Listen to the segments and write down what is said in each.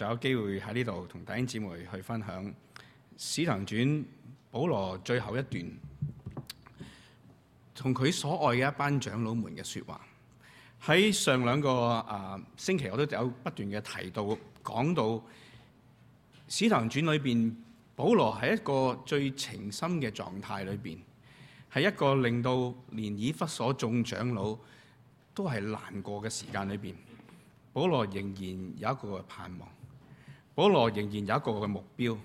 就有機會喺呢度同弟兄姐妹去分享《使徒行傳》保羅最後一段，同佢所愛嘅一班長老們嘅説話。喺上兩個啊、呃、星期，我都有不斷嘅提到講到《使徒行傳》裏邊，保羅喺一個最情深嘅狀態裏邊，係一個令到連以弗所眾長老都係難過嘅時間裏邊，保羅仍然有一個盼望。保羅仍然有一個嘅目標，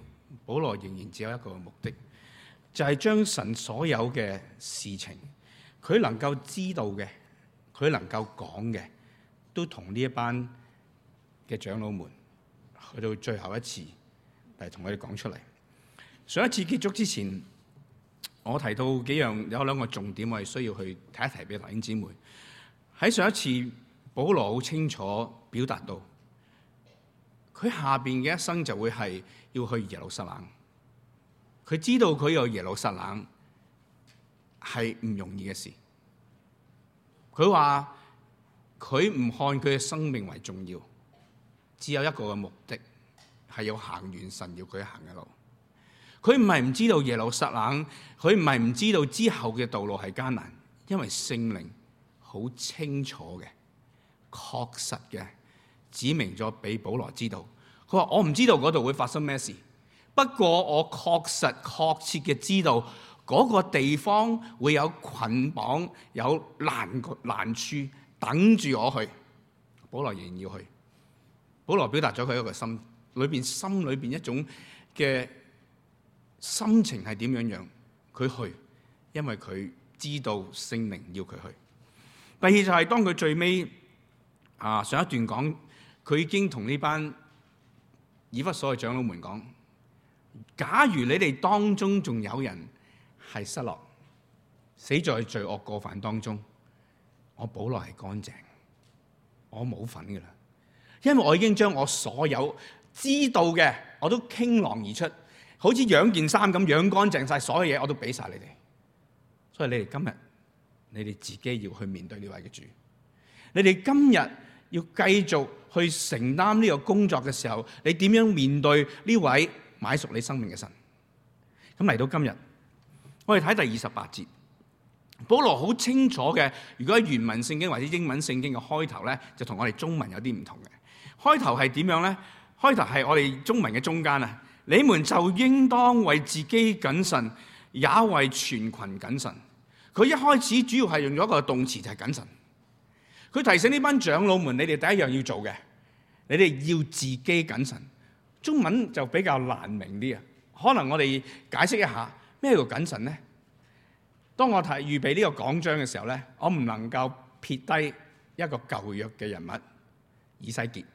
保羅仍然只有一個嘅目的，就係、是、將神所有嘅事情，佢能夠知道嘅，佢能夠講嘅，都同呢一班嘅長老們去到最後一次嚟，同佢哋講出嚟。上一次結束之前，我提到幾樣有兩個重點，我係需要去提一提俾弟兄姊妹。喺上一次，保羅好清楚表達到。佢下邊嘅一生就會係要去耶路撒冷。佢知道佢有耶路撒冷係唔容易嘅事。佢話佢唔看佢嘅生命為重要，只有一個嘅目的係要行完神要佢行嘅路。佢唔係唔知道耶路撒冷，佢唔係唔知道之後嘅道路係艱難，因為聖靈好清楚嘅，確實嘅。指明咗俾保羅知道，佢話：我唔知道嗰度會發生咩事，不過我確實確切嘅知道嗰個地方會有捆綁、有難難處等住我去，保羅仍然要去。保羅表達咗佢一個心裏邊、心裏邊一種嘅心情係點樣樣，佢去，因為佢知道聖靈要佢去。第二就係當佢最尾啊上一段講。佢已經同呢班以弗所嘅長老們講：假如你哋當中仲有人係失落、死在罪惡過犯當中，我保羅係乾淨，我冇份㗎喇，因為我已經將我所有知道嘅我都傾囊而出，好似養件衫咁養乾淨晒所有嘢，我都俾晒你哋。所以你哋今日，你哋自己要去面對呢位嘅主。你哋今日。要繼續去承擔呢個工作嘅時候，你點樣面對呢位買贖你生命嘅神？咁嚟到今日，我哋睇第二十八節，保羅好清楚嘅。如果喺原文聖經或者英文聖經嘅開頭呢，就同我哋中文有啲唔同嘅。開頭係點樣呢？開頭係我哋中文嘅中間啊！你們就應當為自己謹慎，也為全群謹慎。佢一開始主要係用咗一個動詞就係謹慎。佢提醒呢班長老們，你哋第一樣要做嘅，你哋要自己謹慎。中文就比較難明啲啊，可能我哋解釋一下咩叫謹慎咧？當我提預備呢個講章嘅時候咧，我唔能夠撇低一個舊約嘅人物以西結。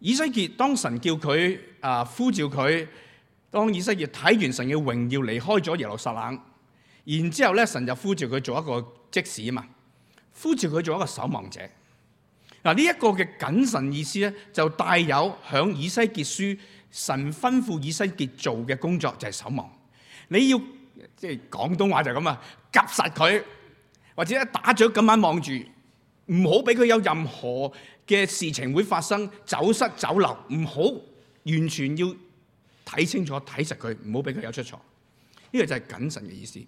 以西結當神叫佢啊呼召佢，當以西結睇完神嘅榮耀離開咗耶路撒冷，然之後咧神就呼召佢做一個祭司啊嘛。呼召佢做一個守望者。嗱呢一個嘅謹慎意思咧，就帶有響以西結書，神吩咐以西結做嘅工作就係、是、守望。你要即係廣東話就係咁啊，𥄫 實佢，或者一打咗咁樣望住，唔好俾佢有任何嘅事情會發生走失走漏，唔好完全要睇清楚睇實佢，唔好俾佢有出錯。呢、這個就係謹慎嘅意思。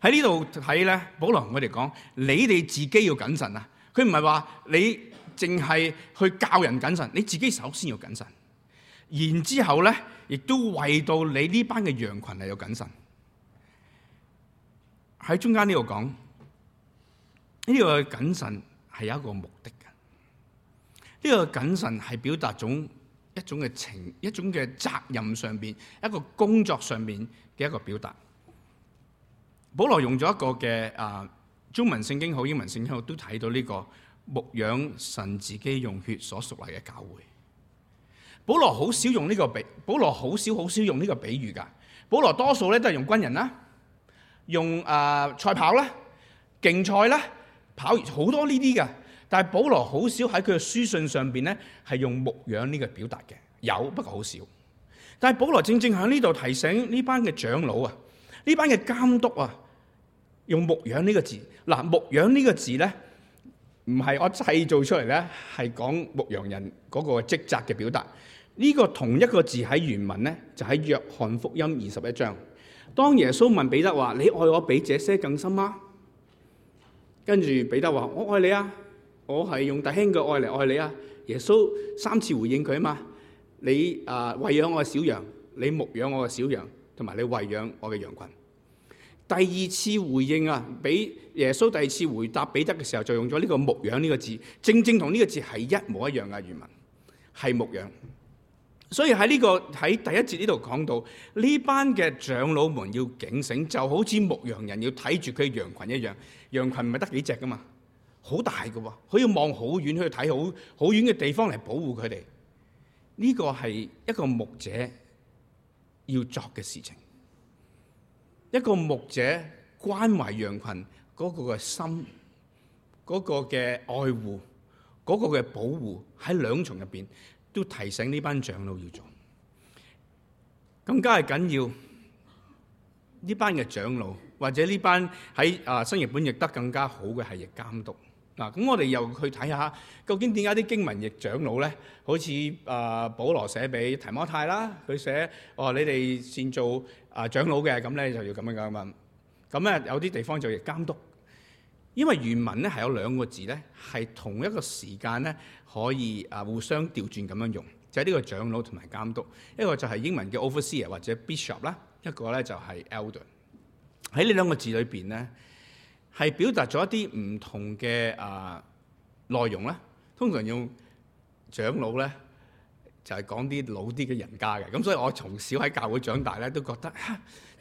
喺呢度睇咧，保羅同我哋講：你哋自己要謹慎啊！佢唔係話你淨係去教人謹慎，你自己首先要謹慎，然之後咧，亦都為到你呢班嘅羊群嚟要謹慎。喺中間呢度講，呢個謹慎係有一個目的嘅。呢個謹慎係表達一種一種嘅情、一種嘅責任上邊、一個工作上邊嘅一個表達。保羅用咗一個嘅啊中文聖經好英文聖經我都睇到呢、這個牧養神自己用血所贖嚟嘅教會。保羅好少用呢、這個比，保羅好少好少用呢個比喻噶保羅多數咧都係用軍人啦，用啊賽、呃、跑啦，競賽啦，跑好多呢啲噶但係保羅好少喺佢嘅書信上邊咧係用牧養呢個表達嘅，有不過好少。但係保羅正正喺呢度提醒呢班嘅長老啊。呢班嘅監督啊，用「牧養」呢個字，嗱、啊、牧養呢個字呢，唔係我製造出嚟，呢係講牧羊人嗰個職責嘅表達。呢、這個同一個字喺原文呢，就喺、是、約翰福音二十一章。當耶穌問彼得話：你愛我比這些更深嗎？跟住彼得話：我愛你啊，我係用大兄嘅愛嚟愛你啊。耶穌三次回應佢啊嘛，你啊、呃、喂養我嘅小羊，你牧養我嘅小羊，同埋你喂養我嘅羊群。第二次回應啊，俾耶穌第二次回答彼得嘅時候，就用咗呢個「牧羊」呢個字，正正同呢個字係一模一樣嘅原文，係「牧羊」，所以喺呢個喺第一節呢度講到，呢班嘅長老們要警醒，就好似牧羊人要睇住佢羊群一樣，羊群唔係得幾隻噶嘛，好大噶，佢要望好遠去睇好好遠嘅地方嚟保護佢哋。呢個係一個牧者要作嘅事情。一個牧者關懷羊群嗰個嘅心，嗰個嘅愛護，嗰個嘅保護，喺兩重入邊都提醒呢班長老要做。咁更加緊要，呢班嘅長老或者呢班喺啊新譯本亦得更加好嘅係監督。嗱，咁我哋又去睇下，究竟點解啲經文譯長老咧？好似誒、呃、保羅寫俾提摩太啦，佢寫：哦，你哋先做誒、呃、長老嘅，咁咧就要咁樣咁樣嘛。咁咧有啲地方就譯監督，因為原文咧係有兩個字咧，係同一個時間咧可以誒互相調轉咁樣用。就係、是、呢個長老同埋監督，一個就係英文叫 overseer 或者 bishop 啦，一個咧就係 elder。喺呢兩個字裏邊咧。係表達咗一啲唔同嘅啊內容啦，通常用長老咧就係、是、講啲老啲嘅人家嘅，咁所以我從小喺教會長大咧都覺得，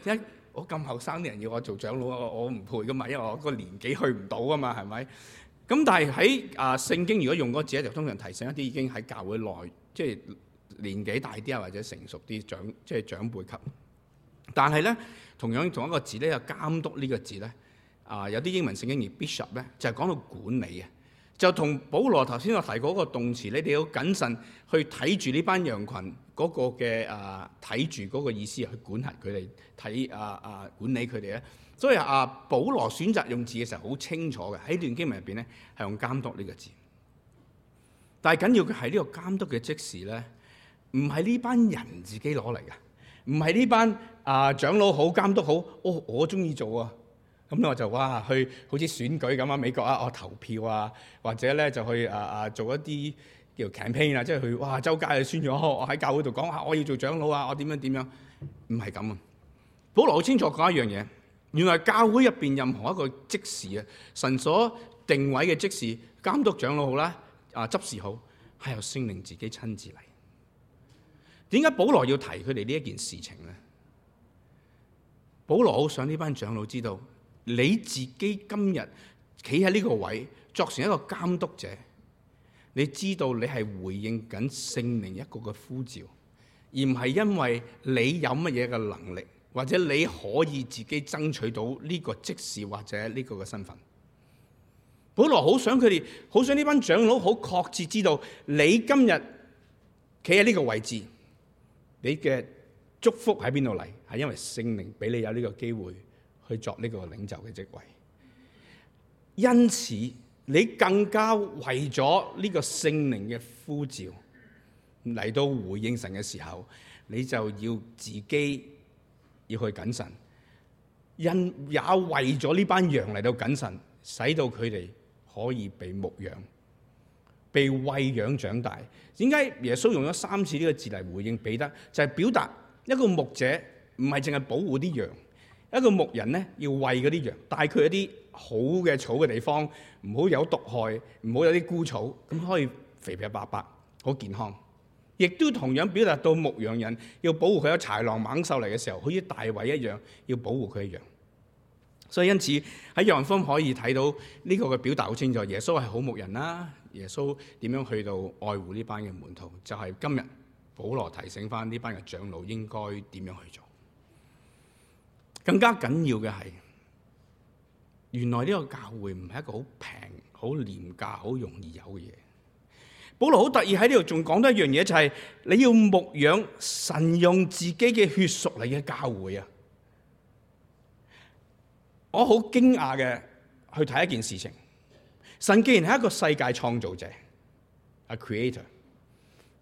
點解我咁後生啲人要我做長老，我我唔配㗎嘛，因為我嗰個年紀去唔到㗎嘛，係咪？咁但係喺啊聖經如果用嗰個字咧，就通常提醒一啲已經喺教會內，即、就、係、是、年紀大啲啊或者成熟啲長即係、就是、長輩級。但係咧同樣同一個字咧，有監督呢個字咧。啊，有啲英文聖經譯 bishop 咧，就係講到管理嘅，就同保羅頭先我提過嗰個動詞咧，你哋要謹慎去睇住呢班羊群嗰個嘅啊，睇住嗰個意思去管轄佢哋，睇啊啊管理佢哋咧。所以啊，保羅選擇用字嘅時候好清楚嘅，喺段經文入邊咧係用監督呢個字。但係緊要嘅係呢個監督嘅職事咧，唔係呢班人自己攞嚟嘅，唔係呢班啊長老好監督好，我我中意做啊。咁我就哇去好似選舉咁啊，美國啊，我、哦、投票啊，或者咧就去啊啊做一啲叫 campaign 啊，即係去哇周街去宣咗，我喺教會度講，我、啊、我要做長老啊，我點樣點樣，唔係咁啊！保羅好清楚講一樣嘢，原來教會入邊任何一個職事啊，神所定位嘅職事，監督長老好啦，啊執事好，係由聖靈自己親自嚟。點解保羅要提佢哋呢一件事情咧？保羅好想呢班長老知道。你自己今日企喺呢個位，作成一個監督者，你知道你係回應緊聖靈一個嘅呼召，而唔係因為你有乜嘢嘅能力，或者你可以自己爭取到呢個職事或者呢個嘅身份。保羅好想佢哋，好想呢班長老好確切知道你今日企喺呢個位置，你嘅祝福喺邊度嚟？係因為聖靈俾你有呢個機會。去作呢個領袖嘅職位，因此你更加為咗呢個聖靈嘅呼召嚟到回應神嘅時候，你就要自己要去謹慎。因也為咗呢班羊嚟到謹慎，使到佢哋可以被牧養、被喂養長大。點解耶穌用咗三次呢個字嚟回應彼得？就係表達一個牧者唔係淨係保護啲羊。一個牧人呢要餵嗰啲羊，帶佢一啲好嘅草嘅地方，唔好有毒害，唔好有啲枯草，咁可以肥肥白白，好健康。亦都同樣表達到牧羊人要保護佢有豺狼猛獸嚟嘅時候，好似大衞一樣要保護佢嘅羊。所以因此喺羊方可以睇到呢個嘅表達好清楚。耶穌係好牧人啦，耶穌點樣去到愛護呢班嘅門徒，就係、是、今日保羅提醒返呢班嘅長老應該點樣去做。更加緊要嘅係，原來呢個教會唔係一個好平、好廉價、好容易有嘅嘢。保羅好特意喺呢度仲講多一樣嘢，就係、是、你要牧養神用自己嘅血屬你嘅教會啊！我好驚訝嘅去睇一件事情：神既然係一個世界創造者，係 creator，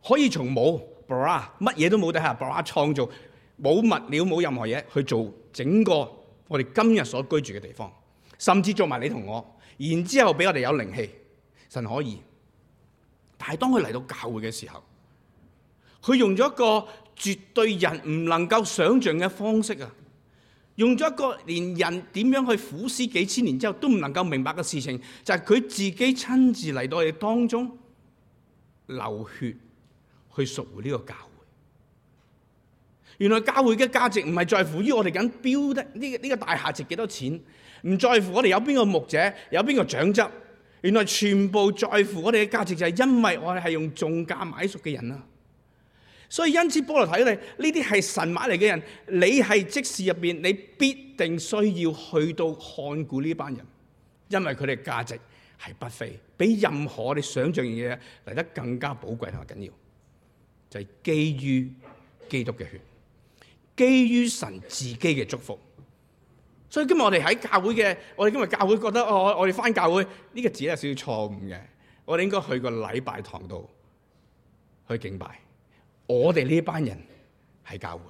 可以從冇，乜嘢都冇底下創造。冇物料，冇任何嘢去做，整個我哋今日所居住嘅地方，甚至做埋你同我，然之後，俾我哋有靈氣，神可以。但係當佢嚟到教會嘅時候，佢用咗一個絕對人唔能夠想象嘅方式啊，用咗一個連人點樣去苦思幾千年之後都唔能夠明白嘅事情，就係、是、佢自己親自嚟到我哋當中流血去贖回呢個教會。原來教會嘅價值唔係在乎於我哋咁標的呢個呢個大廈值幾多錢，唔在乎我哋有邊個牧者，有邊個長執。原來全部在乎我哋嘅價值就係因為我哋係用重價買贖嘅人啦。所以因此，保羅睇你呢啲係神買嚟嘅人，你係職事入邊，你必定需要去到看顧呢班人，因為佢哋價值係不菲，比任何我哋想象嘅嘢嚟得更加寶貴同埋緊要，就係、是、基於基督嘅血。基於神自己嘅祝福，所以今日我哋喺教會嘅，我哋今日教會覺得哦，我哋返教會呢、這個字有少少錯誤嘅，我哋應該去個禮拜堂度去敬拜。我哋呢班人係教會，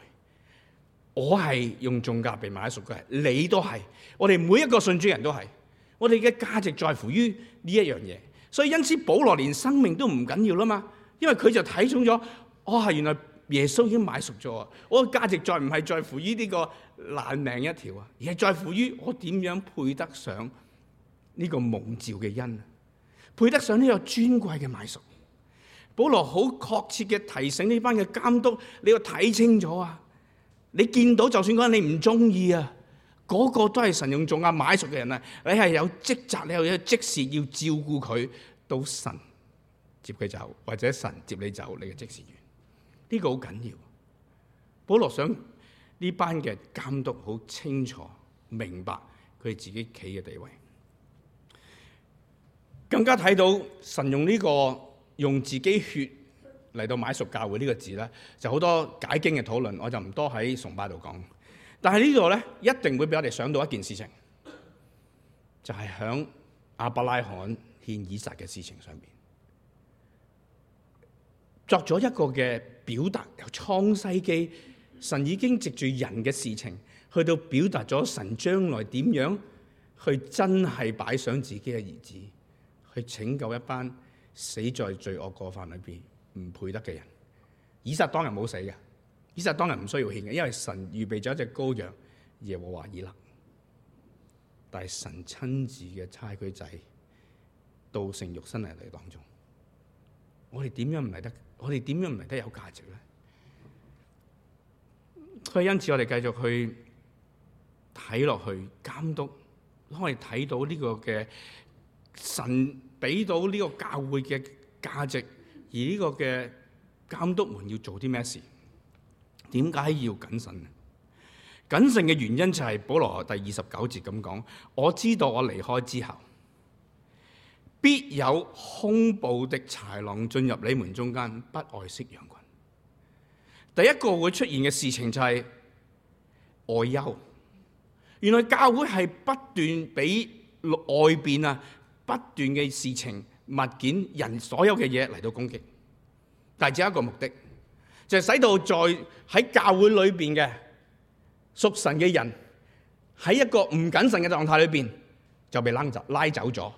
我係用重價被買贖嘅，你都係，我哋每一個信主人都係，我哋嘅價值在乎於呢一樣嘢。所以因此保羅連生命都唔緊要啦嘛，因為佢就睇中咗，我、哦、係原來。耶穌已經買贖咗啊！我嘅價值再唔係在乎於呢個爛命一條啊，而係在乎於我點樣配得上呢個蒙召嘅恩，配得上呢個尊貴嘅買贖。保羅好確切嘅提醒呢班嘅監督，你要睇清楚啊！你見到就算講你唔中意啊，嗰、那個都係神用重價買贖嘅人啊！你係有職責，你又要即時要照顧佢到神接佢走，或者神接你走，你嘅即時呢、個好緊要，保羅想呢班嘅監督好清楚明白佢自己企嘅地位，更加睇到神用呢、個用自己血嚟到買贖教會呢個字咧，就好多解經嘅討論，我就唔多喺崇拜度講。但係呢度咧，一定會俾我哋想到一件事情，就係響亞伯拉罕獻以撒嘅事情上邊，作咗一個嘅。表達由創世記，神已經藉住人嘅事情，去到表達咗神將來點樣去真係擺上自己嘅兒子，去拯救一班死在罪惡過犯裏邊唔配得嘅人。以撒當日冇死嘅，以撒當日唔需要獻嘅，因為神預備咗一隻羔羊耶和華以勒，但係神親自嘅差佢仔道成肉身嚟嚟當中。我哋點樣唔係得？我哋點樣唔係得有價值咧？所以因此，我哋繼續去睇落去監督，可以睇到呢個嘅神俾到呢個教會嘅價值，而呢個嘅監督們要做啲咩事？點解要謹慎？謹慎嘅原因就係、是、保羅第二十九節咁講：我知道我離開之後。必有凶暴的豺狼進入你們中間，不愛惜羊群。第一個會出現嘅事情就係外憂。原來教會係不斷俾外邊啊不斷嘅事情、物件、人所有嘅嘢嚟到攻擊，但係只有一個目的，就係、是、使到在喺教會裏邊嘅屬神嘅人喺一個唔謹慎嘅狀態裏邊就被拉走拉走咗。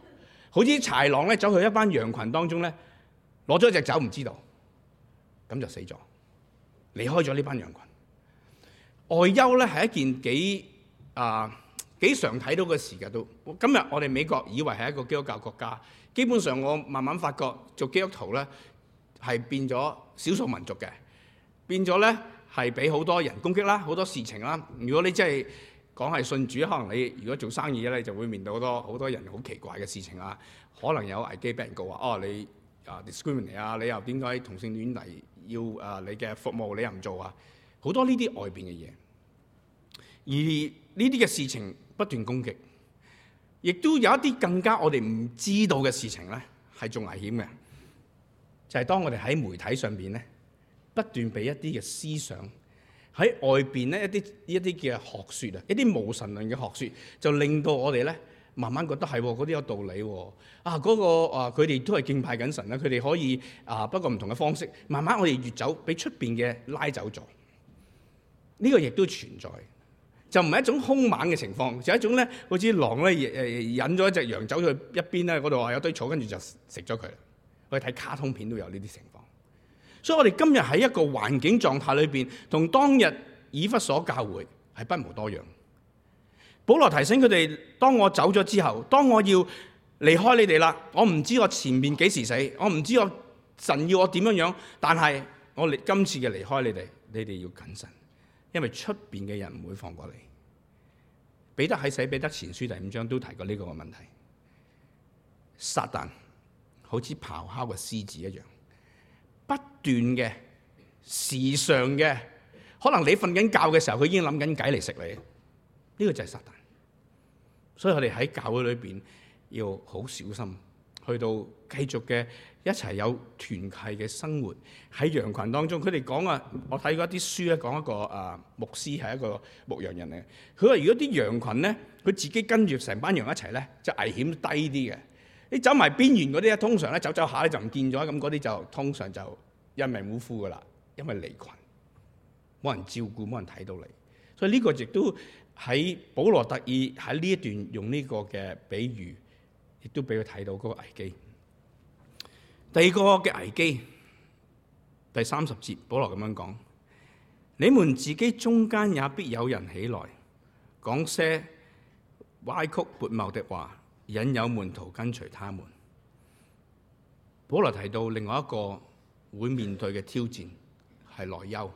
好似豺狼咧走去一班羊群當中咧，攞咗隻走唔知道，咁就死咗，離開咗呢班羊群。外憂咧係一件幾啊幾常睇到嘅事嘅都。今日我哋美國以為係一個基督教國家，基本上我慢慢發覺做基督徒咧係變咗少數民族嘅，變咗咧係俾好多人攻擊啦，好多事情啦。如果你真係…講係信主，可能你如果做生意咧，你就會面對好多好多人好奇怪嘅事情啊。可能有危機畀人告話，哦你啊 discriminate 啊，你，你又點解同性戀嚟要啊你嘅服務你又唔做啊？好多呢啲外邊嘅嘢，而呢啲嘅事情不斷攻擊，亦都有一啲更加我哋唔知道嘅事情咧，係仲危險嘅，就係當我哋喺媒體上邊咧不斷俾一啲嘅思想。喺外邊咧一啲一啲嘅學説啊，一啲無神論嘅學説，就令到我哋咧慢慢覺得係嗰啲有道理喎。啊，嗰、那個啊，佢哋都係敬拜緊神啦，佢哋可以啊，不過唔同嘅方式。慢慢我哋越走，俾出邊嘅拉走咗。呢、這個亦都存在，就唔係一種兇猛嘅情況，就係一種咧，好似狼咧誒引咗一隻羊走咗去一邊咧，嗰度啊有堆草，跟住就食咗佢啦。我哋睇卡通片都有呢啲情。所以我哋今日喺一個環境狀態裏面，同當日以弗所教會係不無多樣。保羅提醒佢哋：當我走咗之後，當我要離開你哋啦，我唔知我前面幾時死，我唔知我神要我點樣樣，但係我離今次嘅離開你哋，你哋要謹慎，因為出面嘅人唔會放過你。彼得喺寫彼得前書第五章都提過呢個問題。撒旦好似咆哮嘅獅子一樣。不斷嘅時常嘅，可能你瞓緊覺嘅時候，佢已經諗緊計嚟食你。呢個就係撒旦。所以我哋喺教會裏邊要好小心，去到繼續嘅一齊有團契嘅生活喺羊群當中。佢哋講啊，我睇過一啲書咧，講一個啊牧師係一個牧羊人嚟嘅。佢話如果啲羊群咧，佢自己跟住成班羊一齊咧，就危險低啲嘅。你走埋邊緣嗰啲咧，通常咧走走下咧就唔見咗，咁嗰啲就通常就一命呼呼噶啦，因為離群，冇人照顧，冇人睇到你，所以呢個亦都喺保羅特意喺呢一段用呢個嘅比喻，亦都俾佢睇到嗰個危機。第二個嘅危機，第三十節，保羅咁樣講：你們自己中間也必有人起來，講些歪曲撥貶的話。引誘門徒跟隨他們。保羅提到另外一個會面對嘅挑戰係內憂。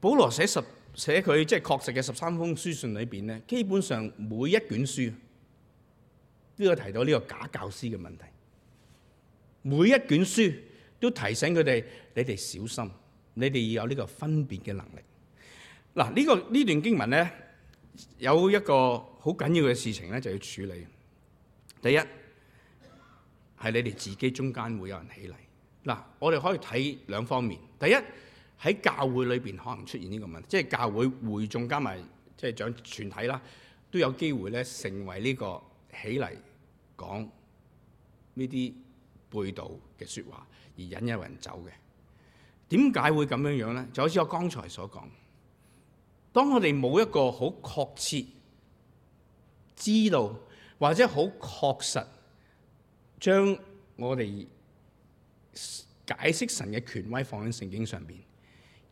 保羅寫十寫佢即係確實嘅十三封書信裏邊咧，基本上每一卷書都有提到呢個假教師嘅問題。每一卷書都提醒佢哋：你哋小心，你哋要有呢個分別嘅能力。嗱，呢個呢段經文咧有一個。好緊要嘅事情咧，就要處理。第一係你哋自己中間會有人起嚟。嗱，我哋可以睇兩方面。第一喺教會裏邊可能出現呢個問題，即係教會會眾加埋即係長全體啦，都有機會咧成為呢個起嚟講呢啲背道嘅説話，而引誘人走嘅。點解會咁樣樣咧？就好似我剛才所講，當我哋冇一個好確切。知道或者好確實將我哋解釋神嘅權威放喺聖經上邊，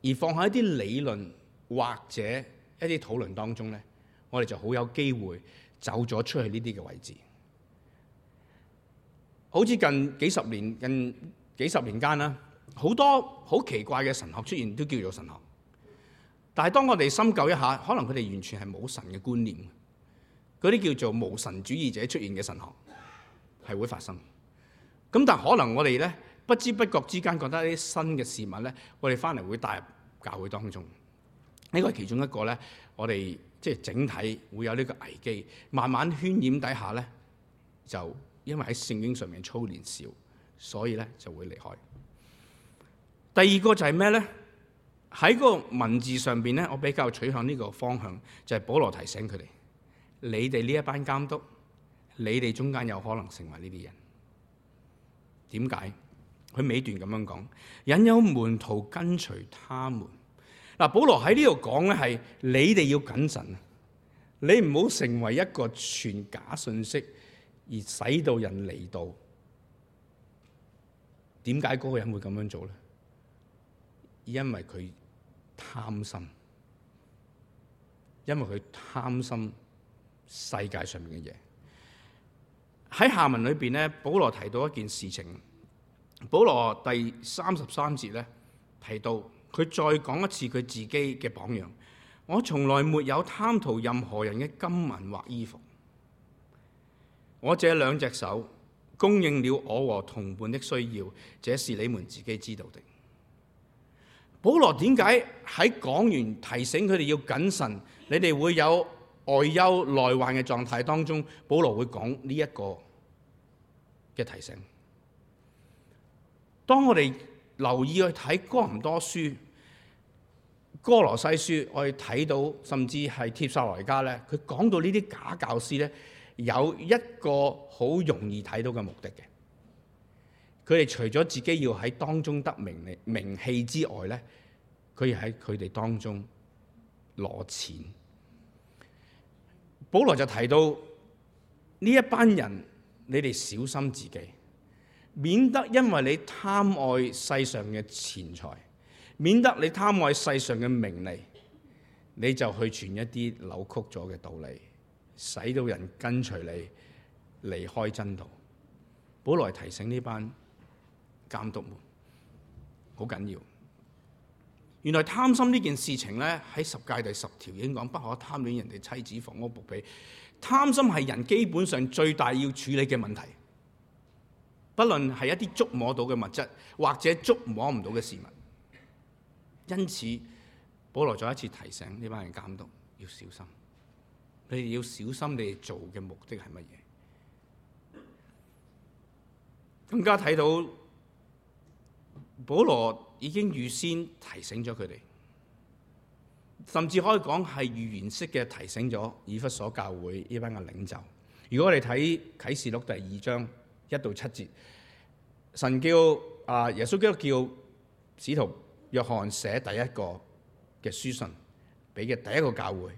而放喺一啲理論或者一啲討論當中咧，我哋就好有機會走咗出去呢啲嘅位置。好似近幾十年、近幾十年間啦，好多好奇怪嘅神學出現，都叫做神學。但係當我哋深究一下，可能佢哋完全係冇神嘅觀念。嗰啲叫做無神主義者出現嘅神學，係會發生。咁但可能我哋咧不知不覺之間覺得啲新嘅事物咧，我哋翻嚟會帶入教會當中。呢個係其中一個咧，我哋即係整體會有呢個危機，慢慢渲染底下咧，就因為喺聖經上面操練少，所以咧就會離開。第二個就係咩咧？喺個文字上邊咧，我比較取向呢個方向，就係保羅提醒佢哋。你哋呢一班監督，你哋中間有可能成為呢啲人？點解？佢尾段咁樣講，引誘門徒跟隨他們。嗱，保羅喺呢度講咧，係你哋要謹慎，你唔好成為一個傳假信息而使到人離道。」點解嗰個人會咁樣做咧？因為佢貪心，因為佢貪心。世界上面嘅嘢喺下文裏邊呢，保羅提到一件事情。保羅第三十三節呢，提到，佢再講一次佢自己嘅榜樣。我從來沒有貪圖任何人嘅金銀或衣服。我這兩隻手供應了我和同伴的需要，這是你們自己知道的。保羅點解喺講完提醒佢哋要謹慎？你哋會有？外憂內患嘅狀態當中，保羅會講呢一個嘅提醒。當我哋留意去睇哥林多書、哥羅西書，我哋睇到甚至係帖撒羅尼迦咧，佢講到呢啲假教師咧，有一個好容易睇到嘅目的嘅。佢哋除咗自己要喺當中得名名氣之外咧，佢要喺佢哋當中攞錢。保羅就提到呢一班人，你哋小心自己，免得因為你貪愛世上嘅錢財，免得你貪愛世上嘅名利，你就去傳一啲扭曲咗嘅道理，使到人跟隨你離開真道。保羅提醒呢班監督們，好緊要。原來貪心呢件事情呢，喺十戒第十條已經講不可貪戀人哋妻子、房屋、僕婢。貪心係人基本上最大要處理嘅問題，不論係一啲觸摸到嘅物質，或者觸摸唔到嘅事物。因此，保羅再一次提醒呢班人監督要小心，你哋要小心你哋做嘅目的係乜嘢。更加睇到保羅，已經預先提醒咗佢哋，甚至可以講係預言式嘅提醒咗以弗所教會呢班嘅領袖。如果我哋睇啟示錄第二章一到七節，神叫啊，耶穌基督叫使徒約翰寫第一個嘅書信，俾嘅第一個教會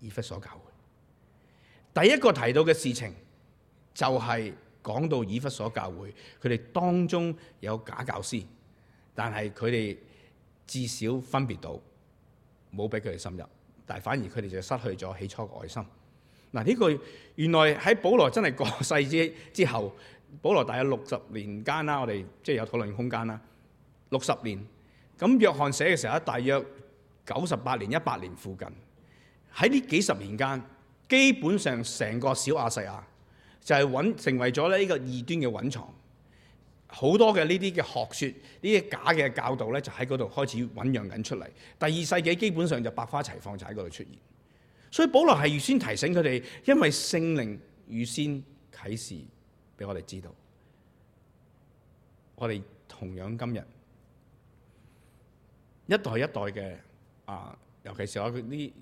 以弗所教會。第一個提到嘅事情就係講到以弗所教會，佢哋當中有假教師。但係佢哋至少分別到，冇俾佢哋深入，但係反而佢哋就失去咗起初嘅愛心。嗱，呢個原來喺保羅真係過世之之後，保羅大約六十年間啦，我哋即係有討論空間啦。六十年，咁約翰寫嘅時候，大約九十八年、一百年附近。喺呢幾十年間，基本上成個小亞細亞就係穩成為咗呢個異端嘅溫床。好多嘅呢啲嘅學説，呢啲假嘅教導咧，就喺嗰度開始醖釀緊出嚟。第二世紀基本上就百花齊放，就喺嗰度出現。所以保羅係預先提醒佢哋，因為聖靈預先啟示俾我哋知道，我哋同樣今日一代一代嘅啊，尤其是我呢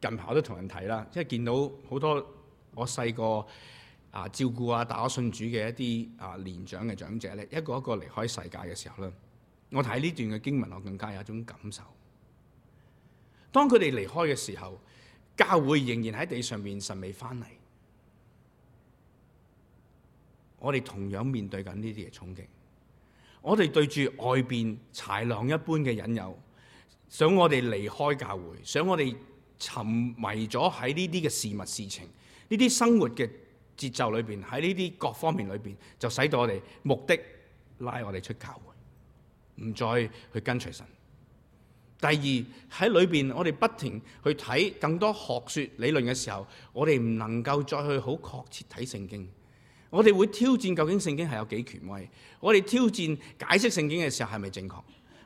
近排我都同人睇啦，即係見到好多我細個。啊！照顧啊，打信主嘅一啲啊年長嘅長者咧，一個一個離開世界嘅時候咧，我睇呢段嘅經文，我更加有一種感受。當佢哋離開嘅時候，教會仍然喺地上面，神未翻嚟，我哋同樣面對緊呢啲嘅衝擊。我哋對住外邊豺狼一般嘅引誘，想我哋離開教會，想我哋沉迷咗喺呢啲嘅事物事情，呢啲生活嘅節奏裏邊，喺呢啲各方面裏邊，就使到我哋目的拉我哋出教會，唔再去跟隨神。第二喺裏邊，我哋不停去睇更多學説理論嘅時候，我哋唔能夠再去好確切睇聖經。我哋會挑戰究竟聖經係有幾權威？我哋挑戰解釋聖經嘅時候係咪正確？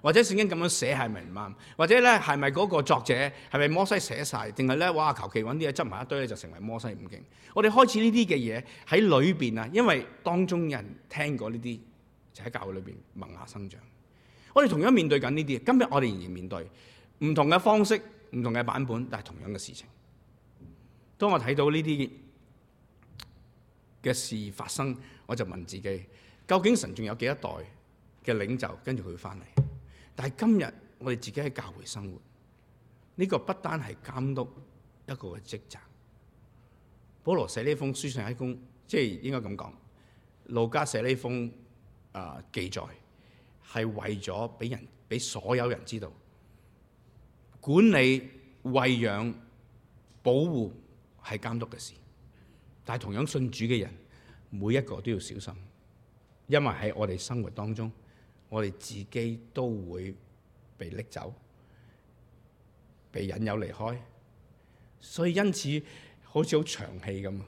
或者聖經咁樣寫係咪唔啱？或者咧係咪嗰個作者係咪摩西寫晒？定係咧哇，求其揾啲嘢執埋一堆咧就成為摩西五經？我哋開始呢啲嘅嘢喺裏邊啊，因為當中有人聽過呢啲，就喺教會裏邊萌芽生長。我哋同樣面對緊呢啲，今日我哋仍然面對唔同嘅方式、唔同嘅版本，但係同樣嘅事情。當我睇到呢啲嘅事發生，我就問自己：究竟神仲有幾多代嘅領袖跟住佢翻嚟？但係今日我哋自己喺教會生活，呢、這個不單係監督一個嘅職責。保羅寫呢封書信喺公，即係應該咁講，路加寫呢封啊記載係為咗俾人俾所有人知道，管理、喂養、保護係監督嘅事。但係同樣信主嘅人，每一個都要小心，因為喺我哋生活當中。我哋自己都會被拎走、被引誘離開，所以因此好似好長氣咁。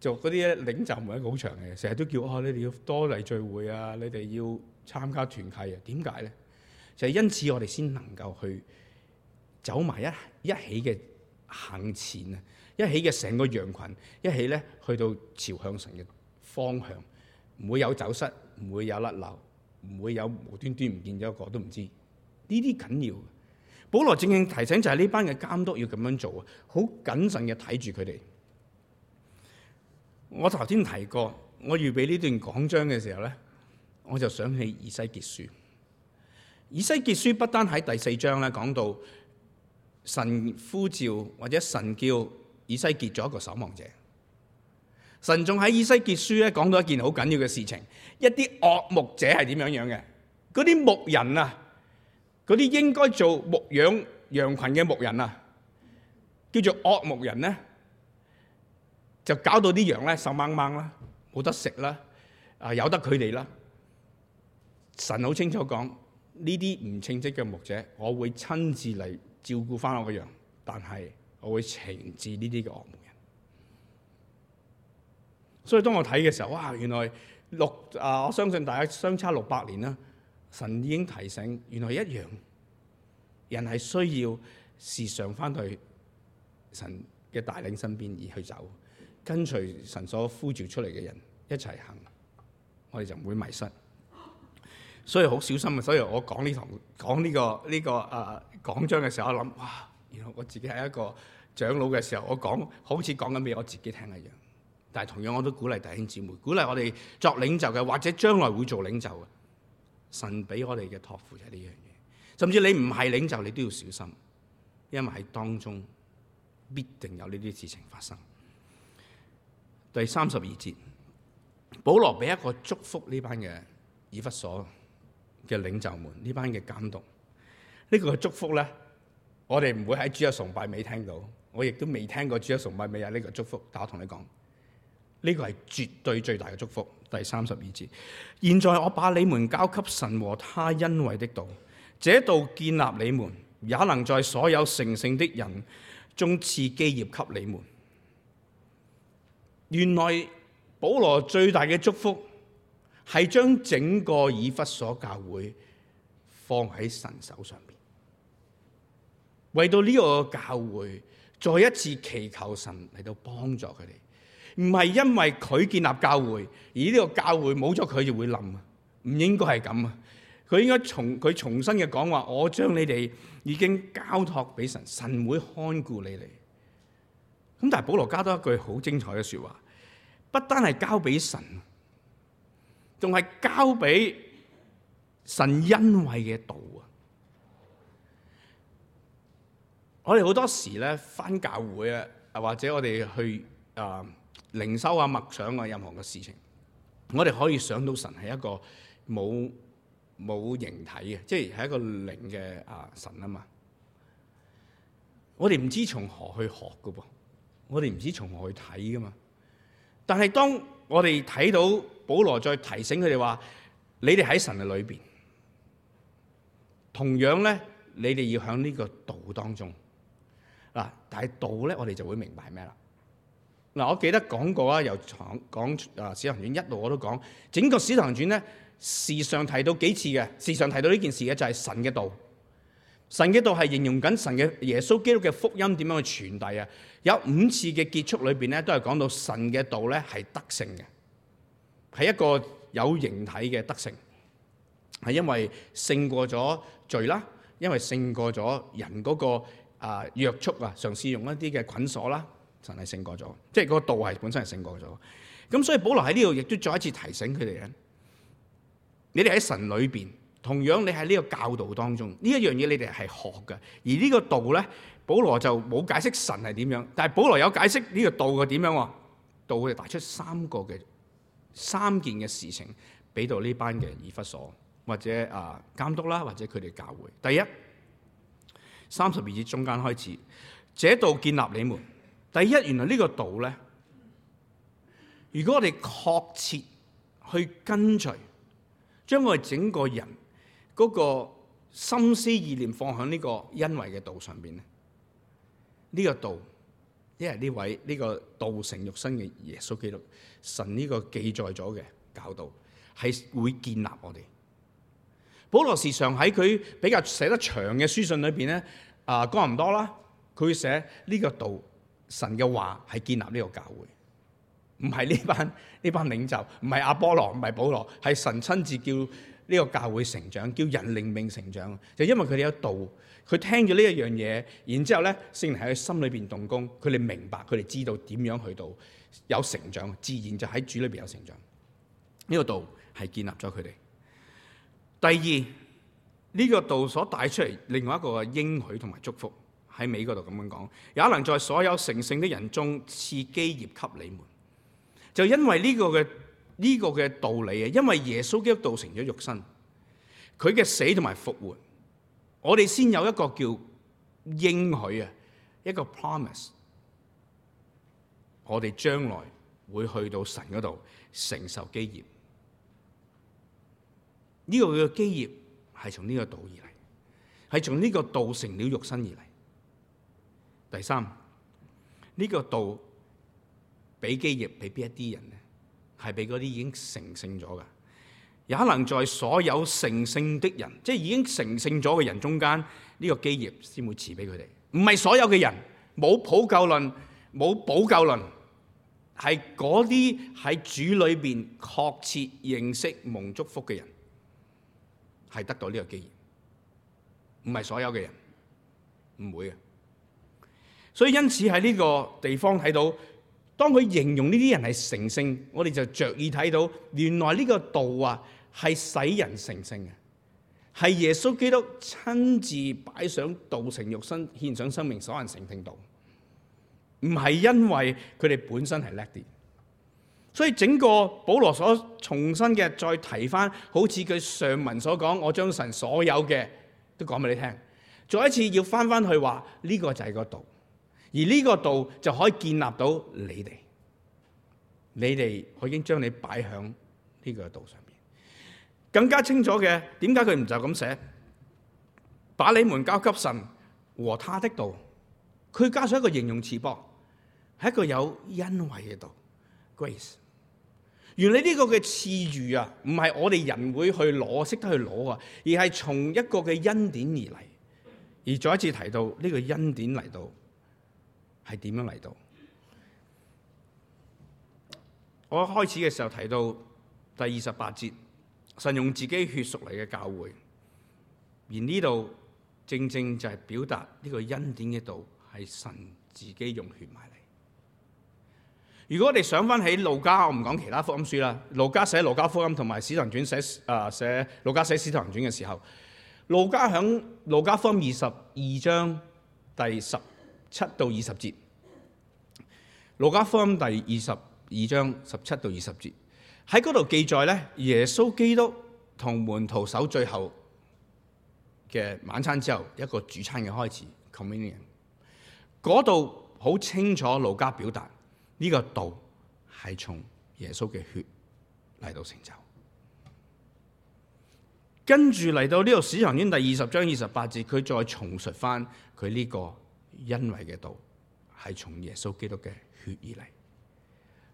做嗰啲領袖唔係一個好長氣，成日都叫哦、啊，你哋要多嚟聚會啊，你哋要參加團契啊。點解咧？就係、是、因此我哋先能夠去走埋一一起嘅行前啊，一起嘅成個羊群，一起咧去到朝向神嘅方向，唔會有走失，唔會有甩漏。唔會有無端端唔見咗一個都唔知，呢啲緊要的。保羅正正提醒就係呢班嘅監督要咁樣做啊，好謹慎嘅睇住佢哋。我頭先提過，我預備呢段講章嘅時候咧，我就想起以西結書。以西結書不單喺第四章咧講到神呼召或者神叫以西結做一個守望者。神仲喺以西結書咧講到一件好緊要嘅事情，一啲惡牧者係點樣樣嘅？嗰啲牧人啊，嗰啲應該做牧羊羊群嘅牧人啊，叫做惡牧人咧，就搞到啲羊咧瘦掹掹啦，冇得食啦，啊由得佢哋啦。神好清楚講，呢啲唔稱職嘅牧者，我會親自嚟照顧翻我個羊，但係我會懲治呢啲嘅惡牧。所以當我睇嘅時候，哇！原來六啊，我相信大家相差六百年啦。神已經提醒，原來一樣，人係需要時常翻去神嘅帶領身邊而去走，跟隨神所呼召出嚟嘅人一齊行，我哋就唔會迷失。所以好小心啊！所以我講呢堂講呢個呢個啊講章嘅時候，我諗哇，原來我自己係一個長老嘅時候，我講好似講緊俾我自己聽一樣。但係同樣我都鼓勵弟兄姊妹，鼓勵我哋作領袖嘅，或者將來會做領袖嘅，神俾我哋嘅託付就係呢樣嘢。甚至你唔係領袖，你都要小心，因為喺當中必定有呢啲事情發生。第三十二節，保羅俾一個祝福呢班嘅以弗所嘅領袖們，呢班嘅監督。呢、呢個祝福咧，我哋唔會喺主啊崇拜尾聽到，我亦都未聽過主啊崇拜尾有呢個祝福。但我同你講。呢、這個係絕對最大嘅祝福。第三十二節，現在我把你們交給神和他恩惠的道，這道建立你們，也能在所有成聖的人中賜基業給你們。原來保羅最大嘅祝福係將整個以弗所教會放喺神手上面，為到呢個教會再一次祈求神嚟到幫助佢哋。唔係因為佢建立教會，而呢個教會冇咗佢就會冧啊！唔應該係咁啊！佢應該重佢重新嘅講話，我將你哋已經交託俾神，神會看顧你哋。咁但係保羅加多一句好精彩嘅說話，不單係交俾神，仲係交俾神恩惠嘅道啊！我哋好多時咧返教會啊，或者我哋去啊。呃靈修啊、默想啊、任何嘅事情，我哋可以想到神係一個冇冇形體嘅，即係係一個靈嘅啊神啊嘛。我哋唔知從何去學噶噃，我哋唔知從何去睇噶嘛。但係當我哋睇到保羅再提醒佢哋話：你哋喺神嘅裏邊，同樣咧，你哋要響呢個道當中嗱。但係道咧，我哋就會明白咩啦。嗱，我記得講過啊，由長講啊《使徒行傳》，一路我都講整個《使徒行傳》咧，時常提到幾次嘅，時常提到呢件事嘅就係、是、神嘅道。神嘅道係形容緊神嘅耶穌基督嘅福音點樣去傳遞啊？有五次嘅結束裏邊咧，都係講到神嘅道咧係得勝嘅，係一個有形體嘅得勝。係因為勝過咗罪啦，因為勝過咗人嗰個啊約束啊，嘗試用一啲嘅捆鎖啦。神係聖過咗，即係個道係本身係聖過咗。咁所以保羅喺呢度亦都再一次提醒佢哋咧，你哋喺神裏邊，同樣你喺呢個教導當中，呢一樣嘢你哋係學嘅。而呢個道咧，保羅就冇解釋神係點樣，但係保羅有解釋呢個道係點樣喎。道佢就帶出三個嘅三件嘅事情，俾到呢班嘅以弗所」或者啊監督啦，或者佢哋教會。第一，三十二節中間開始，這道建立你們。第一，原來呢個道咧，如果我哋確切去跟隨，將我哋整個人嗰個心思意念放喺呢個恩惠嘅道上邊咧，呢、這個道，因為呢位呢、這個道成肉身嘅耶穌基督，神呢個記載咗嘅教導，係會建立我哋。保羅時常喺佢比較寫得長嘅書信裏邊咧，啊講唔多啦，佢寫呢個道。神嘅話係建立呢個教會，唔係呢班呢班領袖，唔係阿波羅，唔係保羅，係神親自叫呢個教會成長，叫人靈命成長。就是，因為佢哋有道，佢聽咗呢一樣嘢，然之後咧，聖靈喺佢心裏邊動工，佢哋明白，佢哋知道點樣去到有成長，自然就喺主裏邊有成長。呢個道係建立咗佢哋。第二，呢個道所帶出嚟另外一個應許同埋祝福。喺美國度咁樣講，也能在所有成聖的人中賜基業給你們，就因為呢個嘅呢個嘅道理啊，因為耶穌基督道成咗肉身，佢嘅死同埋復活，我哋先有一個叫應許啊，一個 promise，我哋將來會去到神度承受基業呢個嘅基業係從呢個道而嚟，係從呢個道成了肉身而嚟。第三，呢個道俾基業俾邊一啲人咧？係俾嗰啲已經成聖咗嘅，有可能在所有成聖的人，即係已經成聖咗嘅人中間，呢個基業先會賜俾佢哋。唔係所有嘅人，冇普救論，冇補救論，係嗰啲喺主裏邊確切認識蒙祝福嘅人，係得到呢個基業。唔係所有嘅人，唔會嘅。所以因此喺呢個地方睇到，當佢形容呢啲人係成聖，我哋就着意睇到原來呢個道啊係使人成聖嘅，係耶穌基督親自擺上道成肉身獻上生命，使人成聖道，唔係因為佢哋本身係叻啲。所以整個保羅所重新嘅再提返，好似佢上文所講，我將神所有嘅都講俾你聽，再一次要返返去話呢個就係個道。而呢個道就可以建立到你哋，你哋已經將你擺喺呢個道上面。更加清楚嘅，點解佢唔就咁寫，把你們交給神和他的道。佢加上一個形容詞，博係一個有恩惠嘅道。Grace 原來呢個嘅賜予啊，唔係我哋人會去攞，識得去攞啊，而係從一個嘅恩典而嚟。而再一次提到呢個恩典嚟到。係點樣嚟到？我一開始嘅時候提到第二十八節，神用自己血贖嚟嘅教會。而呢度正正就係表達呢個恩典嘅道，係神自己用血買嚟。如果你想翻起路加，我唔講其他福音書啦。路加寫路加福音同埋使徒行傳寫啊寫路加寫使徒行傳嘅時候，路加響路加福音二十二章第十。七到二十節，路加福音第二十二章十七到二十節，喺嗰度記載咧，耶穌基督同門徒守最後嘅晚餐之後，一個主餐嘅開始。Communion，嗰度好清楚，路加表達呢、這個道係從耶穌嘅血嚟到成就。跟住嚟到呢度，使徒行傳第二十章二十八節，佢再重述翻佢呢個。恩惠嘅道係從耶穌基督嘅血而嚟，呢、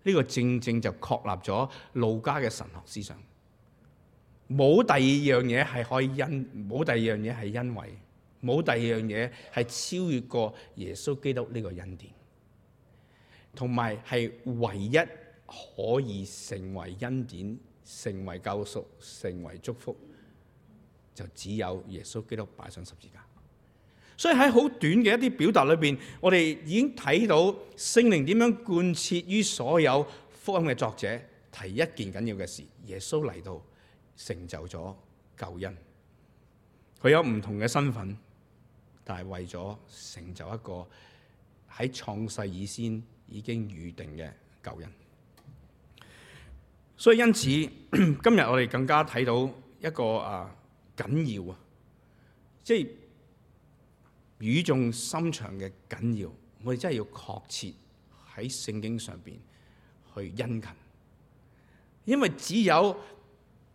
這個正正就確立咗路家嘅神學思想。冇第二樣嘢係可以恩，冇第二樣嘢係恩惠，冇第二樣嘢係超越過耶穌基督呢個恩典，同埋係唯一可以成為恩典、成為救贖、成為祝福，就只有耶穌基督擺上十字架。所以喺好短嘅一啲表達裏邊，我哋已經睇到聖靈點樣貫徹於所有福音嘅作者提一件緊要嘅事：耶穌嚟到成就咗救恩。佢有唔同嘅身份，但係為咗成就一個喺創世以先已經預定嘅救恩。所以因此今日我哋更加睇到一個啊緊要啊，即係，語重心長嘅緊要，我哋真係要確切喺聖經上邊去殷勤。因為只有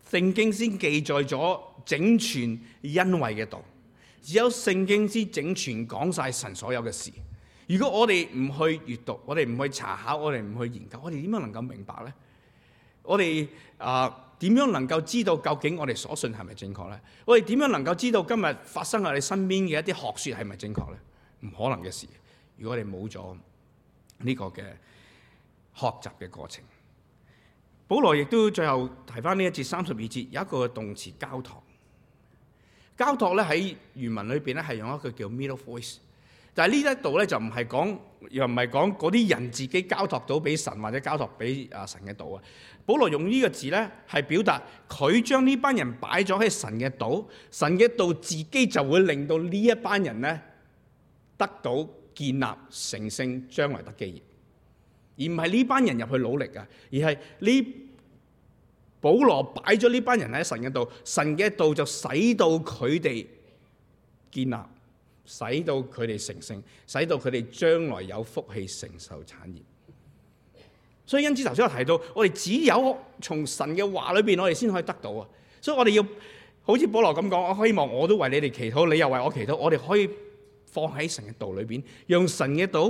聖經先記載咗整全恩惠嘅道，只有聖經先整全講晒神所有嘅事。如果我哋唔去閱讀，我哋唔去查考，我哋唔去研究，我哋點樣能夠明白呢？我哋啊。呃點樣能夠知道究竟我哋所信係咪正確咧？我哋點樣能夠知道今日發生喺你身邊嘅一啲學説係咪正確咧？唔可能嘅事，如果你冇咗呢個嘅學習嘅過程。保羅亦都最後提返呢一節三十二節有一個動詞交託。交託咧喺原文裏邊咧係用一個叫 middle voice，但係呢一度咧就唔係講又唔係講嗰啲人自己交託到俾神或者交託俾啊神嘅道啊。保羅用呢個字呢，係表達佢將呢班人擺咗喺神嘅道。神嘅道自己就會令到呢一班人呢得到建立成聖，將來得基業，而唔係呢班人入去努力㗎，而係呢，保羅擺咗呢班人喺神嘅道。神嘅道就使到佢哋建立，使到佢哋成聖，使到佢哋將來有福氣承受產業。所以恩子頭先我提到，我哋只有從神嘅話裏邊，我哋先可以得到啊。所以我哋要好似保羅咁講，我希望我都為你哋祈禱，你又為我祈禱。我哋可以放喺神嘅道裏邊，讓神嘅道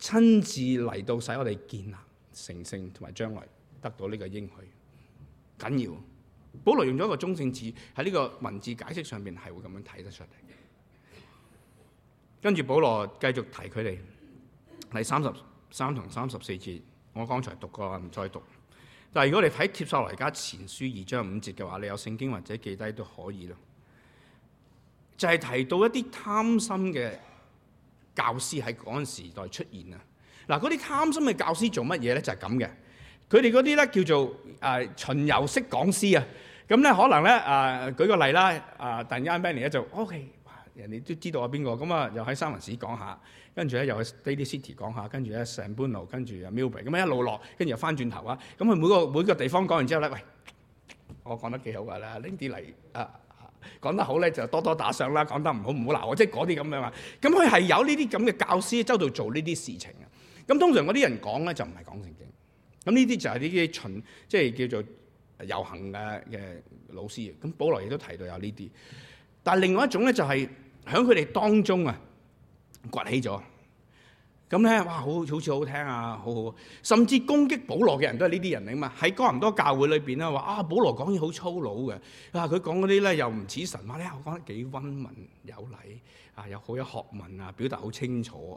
親自嚟到，使我哋建立成聖，同埋將來得到呢個應許緊要。保羅用咗一個中性字喺呢個文字解釋上面係會咁樣睇得出嚟。跟住保羅繼續提佢哋，第三十三同三十四節。我剛才讀過，唔再讀。但係如果你睇帖撒羅尼迦前書二章五節嘅話，你有聖經或者記低都可以咯。就係、是、提到一啲貪心嘅教師喺嗰陣時代出現啊！嗱，嗰啲貪心嘅教師做乜嘢咧？就係咁嘅。佢哋嗰啲咧，叫做啊巡遊式講師啊。咁咧可能咧啊舉個例啦啊，但係 Anthony 咧就 OK。人你都知道啊邊個咁啊？又喺三藩市講下，跟住咧又喺 Daly City 講下，跟住咧 San Bruno，跟住啊 Milby，咁樣一路落，跟住又翻轉頭啊！咁佢每個每個地方講完之後咧，喂，我講得幾好㗎啦，拎啲嚟啊，講得好咧就多多打賞啦，講得唔好唔好鬧我，即係嗰啲咁啊嘛。咁佢係有呢啲咁嘅教師周度做呢啲事情啊。咁通常嗰啲人講咧就唔係講正經。咁呢啲就係呢啲蠢，即係叫做遊行嘅嘅老師。咁保羅亦都提到有呢啲。但係另外一種咧就係。喺佢哋當中啊，崛起咗，咁咧哇好好似好聽啊，好好，甚至攻擊保羅嘅人都係呢啲人嚟啊嘛！喺哥林多教會裏邊咧話啊，保羅講嘢好粗魯嘅，啊佢講嗰啲咧又唔似神話咧，我講得幾溫文有禮啊，又好有學問啊，表達好清楚啊！